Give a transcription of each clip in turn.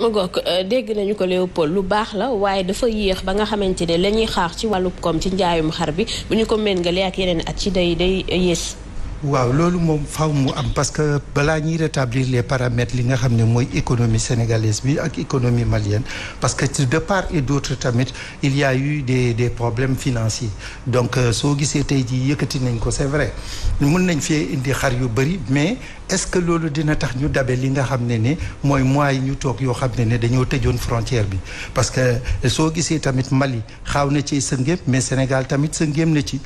mu goog euh, dégg nañu ko Léopold lu baax la waaye dafa yéex ba nga xamante ne la ñuy xaar ci wàllu koom ci njaayum xar bi bu ñu ko méngalee ak yeneen at ci day day yées waaw loolu moom faw mu am parce que balaa ñuy rétablir les paramètres li nga xam ne mooy économie sénégalaise bi ak économie malienne parce que de part et d'autre tamit il y eu des des problèmes financiers donc euh, soo gisee tey jii yëkkati nañ ko c'est vrai mun nañ fee indi xar yu bëri mais est-ce que loolu dina tax ñu dabe li nga xam ne ne mooy mois yi ñu toog yoo xam ne ne dañoo tëjoon frontière bi parce que soo gisee tamit Mali xaaw na ci sëngéem mais Sénégal tamit sëngéem na na ci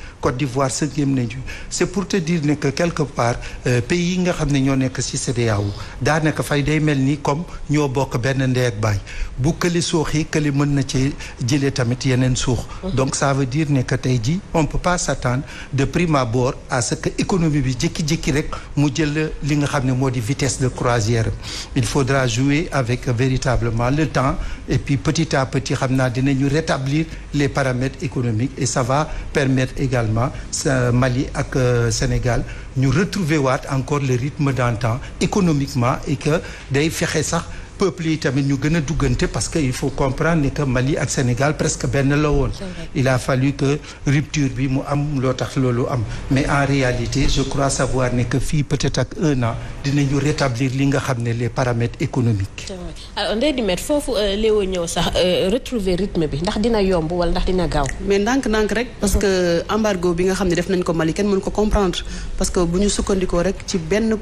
c'est pour te dire ne que que quelque part euh, pays yi nga xam ne ñoo nekk ci CEDEAO daanaka fay day mel ni comme ñoo bokk benn ndee ak baay bu këli suuxi këli mën na ci jëlee tamit yeneen suux mhm. donc ça veut dire ne que tey ji on peut pas s'attendre de prime abord à ce que économie bi jékki-jékki rek mu jël li nga xam ne moo di vitesse de croisière il faudra jouer avec véritablement le temps et puis petit à petit xam naa ñu rétablir les paramètres économiques et sava permettre également euh, Mali ak euh, Sénégal ñu retrouver waat encore le rythme d'antan économiquement et que day fexe sax peuple yi tamit ñu gën a duggante parce que il faut comprendre ni Mali ak Sénégal presque benn la woon il a fallu que rupture bi mu am loo tax loolu am mais en réalité je crois savoir ne que fii peut-être ak un an dinañu rétablir li nga xam ne les paramètres économiques alors Ndeye Dimet foofu euh, léewo ñëw sax euh, retrouver rythme bi ndax dina yomb wala ndax dina gaaw mais ndànk-ndànk rek parce que embargo bi nga xam ne def nañ ko Mali kenn mënu ko comprendre parce que bu ñu sukkandikoo rek ci benn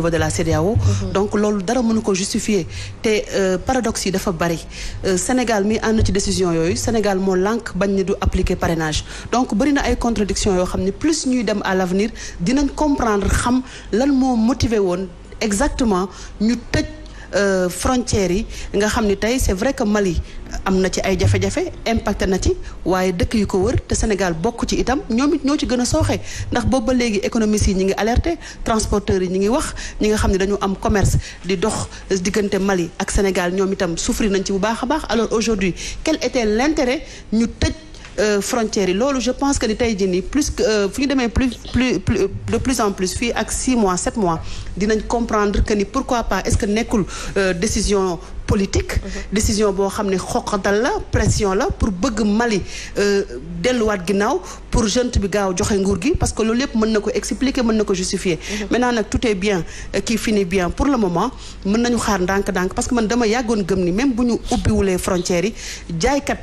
niveau de la CEDEAO mhm. donc loolu dara mënu ko justifier te euh, paradoxe yi dafa bari euh, Sénégal mi ànd ci décision yooyu Sénégal moo lànk bañ ni du appliquer parrainage donc bëri na ay contradiction yoo xam ne plus ñuy dem à l'avenir dinañ comprendre xam lan moo motiver woon exactement ñu tëj Euh, frontières yi nga xam ni tey c'est vrai que Mali am na ci ay jafe-jafe impacté na ci waaye dëkk yi ko wër te Sénégal bokk ci itam ñoom it ñoo ci gën a sooxe ndax boobu ba léegi économistes yi ñi ngi alerté transporteurs yi ñi ngi wax ñi nga xam ne dañu am commerce di dox diggante Mali ak Sénégal ñoom itam souffrir nañ ci bu baax a baax alors aujourd'hui quel était l'intérêt ñu tëj Euh, frontières yi loolu je pense que ni tey jii nii plus euh, fu ñu demee plus plus de plus en plus fii ak 6 mois 7 mois dinañ comprendre que ni pourquoi pas est-ce que nekkul euh, décision politique mhm. décision boo xam ne xoqatal la pression la pour bëgg Mali delluwaat ginnaaw pour junte bi gaaw joxe nguur gi parce que loolu yëpp mën na ko expliquer mën na ko justifier mhm. maintenant nag tout bien qui finit bien pour le moment mën nañu xaar ndànk-ndànk parce que man dama yàggoon gëm ni même bu ñu ubbiwulee frontières yi jaaykat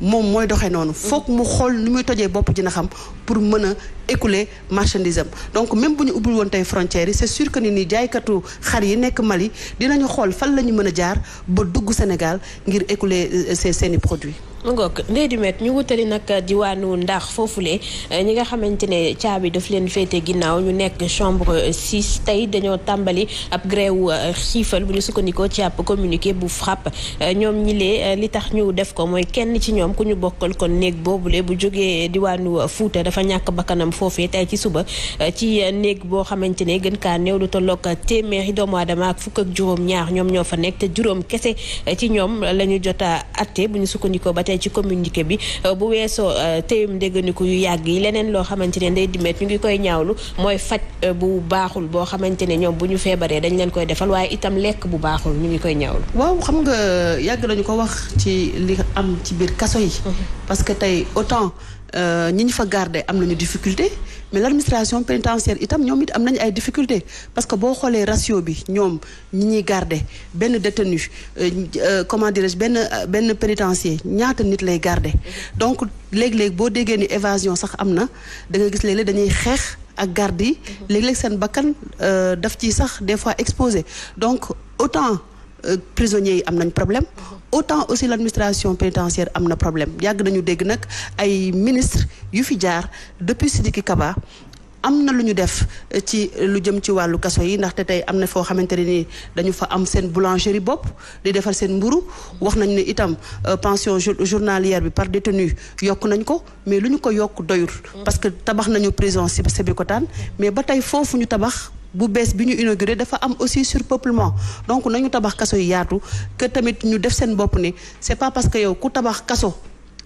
moom mooy doxee noonu foog mu xool nu muy tojee bopp dina xam pour mën a écouler marchandise donc même bu ñu ubbil woon tey frontières yi c'est sur que ni nii jaaykatu xar yi nekk Mali dinañu xool fan la ñu mën a jaar ba dugg Sénégal ngir écouler euh, seen seeni produits mu ngoog ndey di met ñu wutali nag diwaanu ndax foofu foofule eh, ñi nga xamante ne caabi daf leen féete ginnaaw ñu nekk chambre 6 tey dañoo tàmbali ab grève eh, xiifal bu ñu sukkandikoo ci àpp communique bu frapp eh, ñoom ñi li tax ñu def ko mooy kenn ci ñoom ku ñu bokkal kon néeg boobule bu jógee diwaanu Fuuta dafa ñàkk bakkanam foofee tey ci suba ci néeg boo xamante ne gën kaa néew lu tolloog téeméeri doomu aadama ak fukk ak juróom ñoom ñoo fa nekk te juróom kese ci ñoom la ñu jot a atte bu ñu sukkandikoo ba tey ci communiqué bi euh, bu weesoo euh, téyum ndégganiku yu yàgg yi leneen loo xamante ne ndey dimet ñu ngi koy ñaawlu mooy faj euh, bu baaxul boo xamante ne ñoom bu ñu feebaree dañ leen koy defal waaye itam lekk bu baaxul ñu ngi koy ñaawlu waaw xam nga yàgg nañu ko wax ci li am ci biir kaso yi mm-hmm. parce tey autant Euh, ñi ñu fa garde am nañu difficulté mais l' administration pénitentiaire itam ñoom it am nañu ay difficulté parce que boo xoolee ratio bi ñoom ñi ñuy garde benn détenu euh, euh, comment dirais benn benn pénitencier ñaata nit lay garde donc léeg-léeg boo déggee ni évasion sax am na da nga gis léeg-léeg dañuy xeex ak garde yi mhm. léeg-léeg seen bakkan daf ci sax des fois exposé donc autant prisonniers yi am nañ problème mhm. autant aussi l'administration pénitentiaire am na problème yàgg nañu dégg nag ay ministre yu fi jaar depuis Sidiki Kaba am na lu ñu def ci lu jëm ci wàllu kaso yi ndaxte tey am na foo xamante ne ni dañu fa am seen boulangerie bopp di defar seen mburu wax nañ ni itam euh, pension journalière bi par détenu yokk nañ ko mais lu ñu ko yokk doyul mm. parce que tabax nañu prison Sébikotane mais ba tey foofu ñu tabax bu bees bi ñu inauguré dafa am aussi surpeuplement donc nañu tabax kaso yu yaatu que tamit ñu def seen bopp ne c'est pas parce que yow ku tabax kaso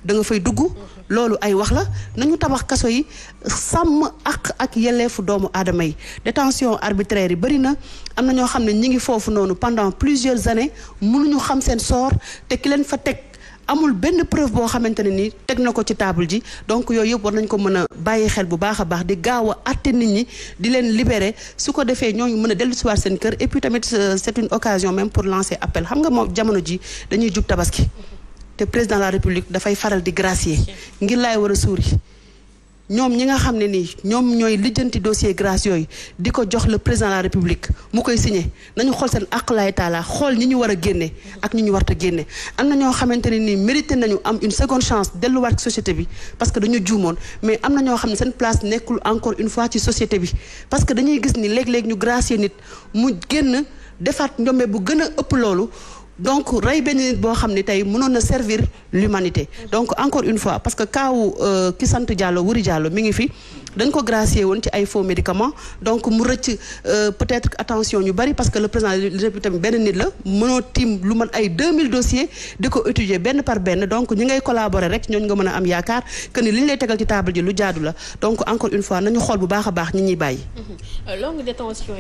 da nga fay dugg loolu ay wax la nañu tabax kaso yi sàmm ak ak yelleefu doomu aadama yi détention arbitraire yi bëri na am na ñoo xam ne ñi ngi foofu noonu pendant plusieurs années ñu xam seen sort te ki leen fa teg amul benn preuve boo xamante ne ni teg na ko ci table ji donc yooyu yëpp war nañ ko mën a bàyyi xel bu baax a baax di gaaw a àtte nit ñi di leen libéré su ko defee ñooñu mën a dellu siwaat seen kër et puis tamit euh, c'est une occasion même pour lancer appel xam nga moom jamono ji dañuy jub tabaski te président la république dafay faral di gracier ngir lay war a suuri ñoom ñi nga xam ne ni ñoom ñooy lijjanti dossier grâce yooyu di ko jox le président de la république mu koy signé nañu xool seen àqulaay taala xool ñi ñu war a génne ak ñi ñu warta génne am na ñoo xamante ne ni mérité nañu am une seconde chance delluwaat ci société bi parce que dañu juumoon mais am na ñoo xam ne seen place nekkul encore une fois ci société bi parce que dañuy gis ni léeg-léeg ñu gracier nit mu génn defaat njombe bu gën a ëpp loolu donc rey benn nit boo xam ne tey mënoon na servir l'humanité donc encore une fois parce que kaawu euh, ki sant Diallo Wuri Diallo mi ngi fi dañ ko gracier woon ci ay faux médicaments donc mu rëcc euh, peut-être attention ñu bari parce que le président de la tamit benn nit la mënoo tiim lu man ay 2000 dossiers di ko étudier benn par benn donc ñi ngay collaborer rek ñooñu nga mën a am yaakaar que ni lay tegal ci table ji lu jaadu la donc encore une fois a baax ñi ñuy bàyyi. Euh, longue détention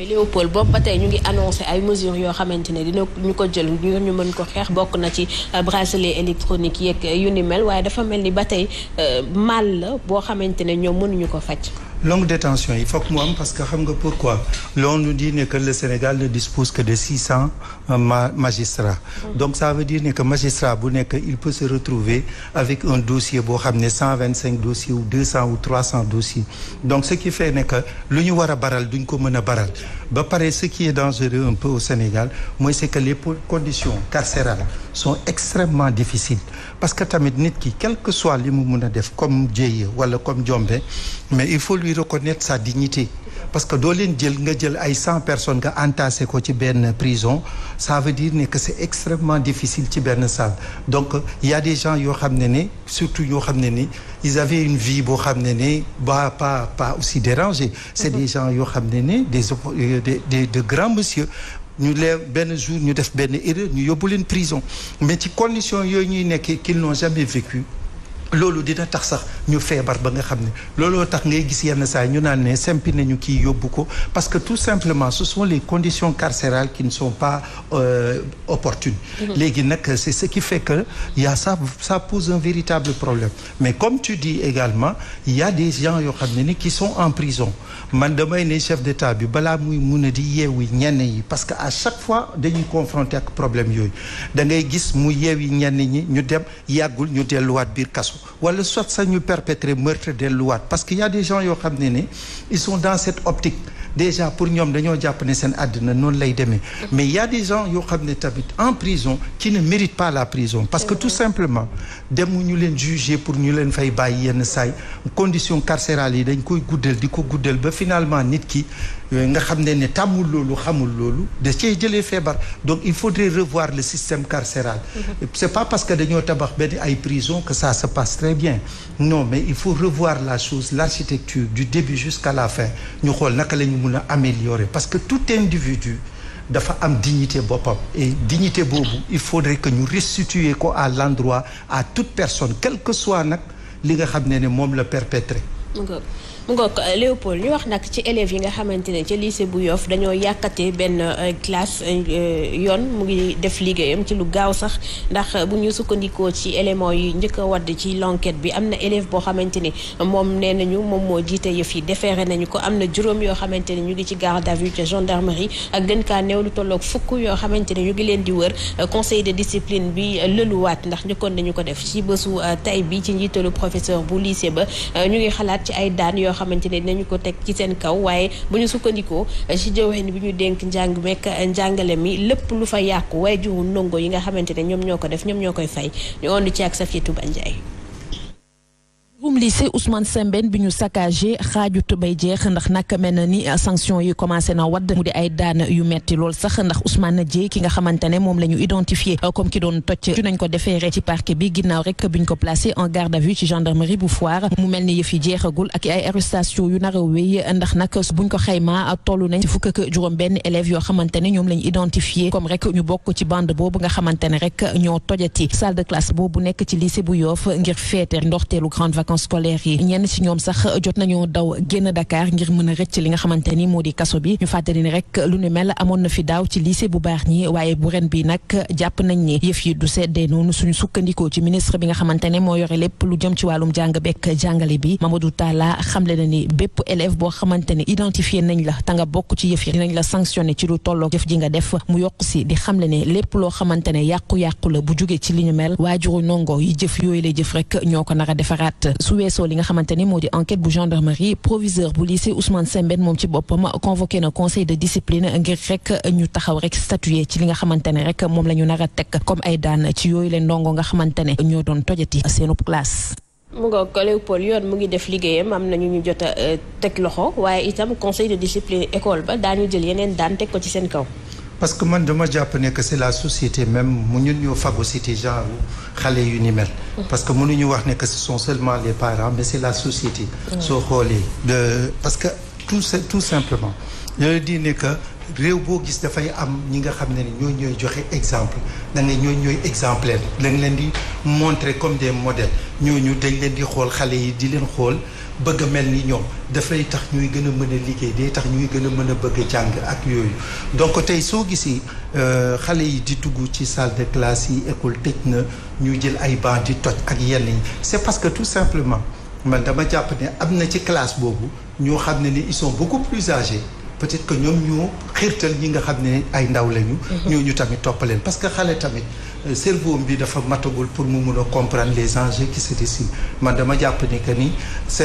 yi ñu mën ko xeex bokk na ci euh, bracelet électronique yeeg yu ni mel waaye dafa mel ni ba tey euh, mal la boo xamante ne ñoom mënuñu ko faj. longue détention yi foog mu am parce que xam nga pourquoi l'on nous dit nekk que le Sénégal ne dispose que de six cents euh, magistrats donc ça veut dire ne que magistrat bu nekk il peut se retrouver avec un dossier boo xam ne cent cinq dossiers ou deux cents ou trois cents dossiers donc ce qui fait ne que lu ñu war a baral duñ ko mën a baral ba pare ce qui est dangereux un peu au Sénégal mooy c'est que les conditions carcérales sont extrêmement difficiles parce que tamit nit ki quelque que soit li mu mën a def comme jéye wala comme jombe mais il faut lui reconnaître sa dignité parce que doo leen jël nga jël ay cent personnes nga entassé ko ci benn prison ça veut dire ne que c'est extrêmement difficile ci benn salle donc ya y a des gens yoo xam ne ne surtout yoo xam ne ni ils avaient une vie boo xam ne ne ba pas pas aussi dérangée c'est mhm. des gens yoo xam ne ne euh, des des de grands messieurs ñu leew benn jour ñu def benn erreur ñu yóbbu leen prison mais ci condition yooyu ñuy nekkee qu'ils n'ont jamais vécu loolu dina tax sax ñu feebar ba nga xam ne looloo tax ngay gis yenn saa ñu naan ne sempi nañu kii yóbbu ko parce que tout simplement ce sont les conditions carcérales qui ne sont pas euh, opportunes mhm. léegi nag c'est ce qui fait que y a ça pose un véritable problème mais comme tu di également il a des gens yoo xam ne ni qui sont en prison man damay ne chef d'état bi balaa muy mun a di yeewi ñenn yi parce que à chaque fois dañuy confronté ak problème yooyu da ngay gis mu yeewi ñenn ñi ñu dem yàggul ñu delluwaat biir force wala soit ça ñu perpétrer meurtre delluwaat parce que y des gens yoo xam ne ne ils sont dans cette optique déjà pour ñoom dañoo jàpp ne seen àddina noonu lay demee mais y des gens yoo xam ne tamit en prison qui ne méritent pas la prison parce que tout simplement demu ñu leen juger pour ñu leen fay bàyyi yenn saay condition carcérale yi dañ koy guddal di ko guddeel ba finalement nit ki nga xam ne ne tàmmul loolu xamul loolu da cee jëlee feebar donc il faudrait revoir le système carcéral mm-hmm. c'est pas parce que dañoo tabax benn ay prison que ça se passe très bien non mais il faut revoir la chose l'architecture du début jusqu'à la fin ñu xool naka la ñu mun a améliorer parce que tout individu dafa am dignité boppam et dignité boobu il faudrait que ñu restituer ko à l'endroit à toute personne quel que soit nag li nga xam ne ne moom la perpétré mu ngoog euh, Léopold ñu wax nag ci élèves yi nga xamante ne ca lycée bu yoof dañoo yàkkate benn euh, classe euh, yoon mu ngi def liggéeyam ci lu gaaw sax ndax bu ñu sukkandikoo ci éléments yi njëkka a wadd ci l'enquête bi am na élève boo xamante ni moom nee nañu moom moo jiite yëf yi defeere nañu ko am na juróom yoo xamante ne ñu ngi ci garde à vue ca gendarmerie ak gën kaa néew lu tolloog fukk yoo xamante ni ñu ngi leen di wër conseil de discipline bi lëluwaat ndax njëkkoon nañu ko def ci bésu tay bi ci njiitalu professeur bu lycée ba ñu ngi xalaat ci ay daan yoo xamante ne dinañu ko teg ci seen kaw waaye bu ñu sukkandikoo ci eh, jëween bi ñu denk njàng mekk eh, njàngale mi lépp lu fa yàqu waaye juwu ndongo yi nga xamante ne ñoom ñoo ko def ñoom ñoo koy fay ñu ond ci ak Safiatou Bandiaye bum lycée Ousmane Sembène bi ñu saccagé xaajut bay jeex ndax naka mel na ni sanction yi commencé na wadd mu di ay daan yu metti lool sax ndax na Dieye ki nga xamante ne moom la ñu identifié comme ki doon toj dinañ ko defeere ci parquet bi ginnaaw rek bi ñu ko placé en garde à vue ci gendarmerie bu yu nar a ndax nag buñ ko xayma toll nañ fukk ak benn élèves yoo xamante ne ñoom la ñu identifié comme rek ñu bokk ci bande boobu nga xamante ne rek ñoo tojati salle de classe boobu nekk ci lycée bu Yoff ngir feete ndorteelu grande vacances vacances scolaires yi ñenn ci ñoom sax jot nañu daw génn dakaar ngir mën a rëcc li nga xamante ni moo di kaso bi ñu fàttali ni rek lu ne mel amoon na fi daaw ci lycée bu baax ñi waaye bu ren bi nag jàpp nañ ni yëf yi du seddee noonu suñu sukkandikoo ci ministre bi nga xamante ne moo yore lépp lu jëm ci wàllum jàng bi Mamadou Talla xamle na ni bépp élève boo xamante ne identifié nañ la te nga bokk ci yëf yi nañ la sanctionné ci lu tolloo jëf ji nga def mu yokk si di xamle ne lépp loo xamante ne yàqu-yàqu la bu jugee ci li ñu mel waajuru ndongo yi jëf yooyu lay jëf rekk ñoo ko nar a defaraat su weesoo li nga xamante ni moo di enquête bu gendarmerie proviseur bu lycée Ousmane Sembène moom ci boppam convoqué na conseil de discipline ngir rek ñu taxaw rek statuer ci li nga xamante ne moom la ñu nar a teg comme ay daan ci yooyu leen ndongo nga xamante ne ñoo doon tojati seenub classe. mu nga ko yoon mu ngi def liggéeyam am na ñu ñu jot euh, teg loxo waaye itam conseil de discipline école ba ñu jël yeneen daan teg ko ci seen kaw. parce que man dama jàpp ne que c'est la société même mu ñun ñoo phagocyté genre xale yi ni mel. parce que ñu wax ne que ce sont seulement les parents mais c'est la société. soo xoolee de parce que tout tout simplement. je dis ne réew boo gis dafay am ñi nga xam ne ni ñooy ñooy joxe exemple da nga ñooy ñooy exemplaire da nga leen di montrer comme des ñu ñu dañ leen di xool xale yi di leen xool. bëgg a mel ni ñoom dafay tax ñuy gën a mën liggéey day tax ñuy gën a mën a bëgg jàng ak yooyu donc tey soo gisee euh, xale yi di tugg ci salle de classe yi école tëj na ñu jël ay banc di toj ak yenn yi c'est parce que tout simplement man dama jàpp ne am na ci classe boobu ñoo xam ne ni ils sont beaucoup plus âgés peut-être que ñoom ñoo xiirtal ñi nga xam ne ay ndaw lañu. Mm-hmm. ñooñu tamit toppaleen parce que xale tamit euh, cerveau bi dafa matagul pour mu mun a comprendre les enjeux qui se dessinent man jàpp ne que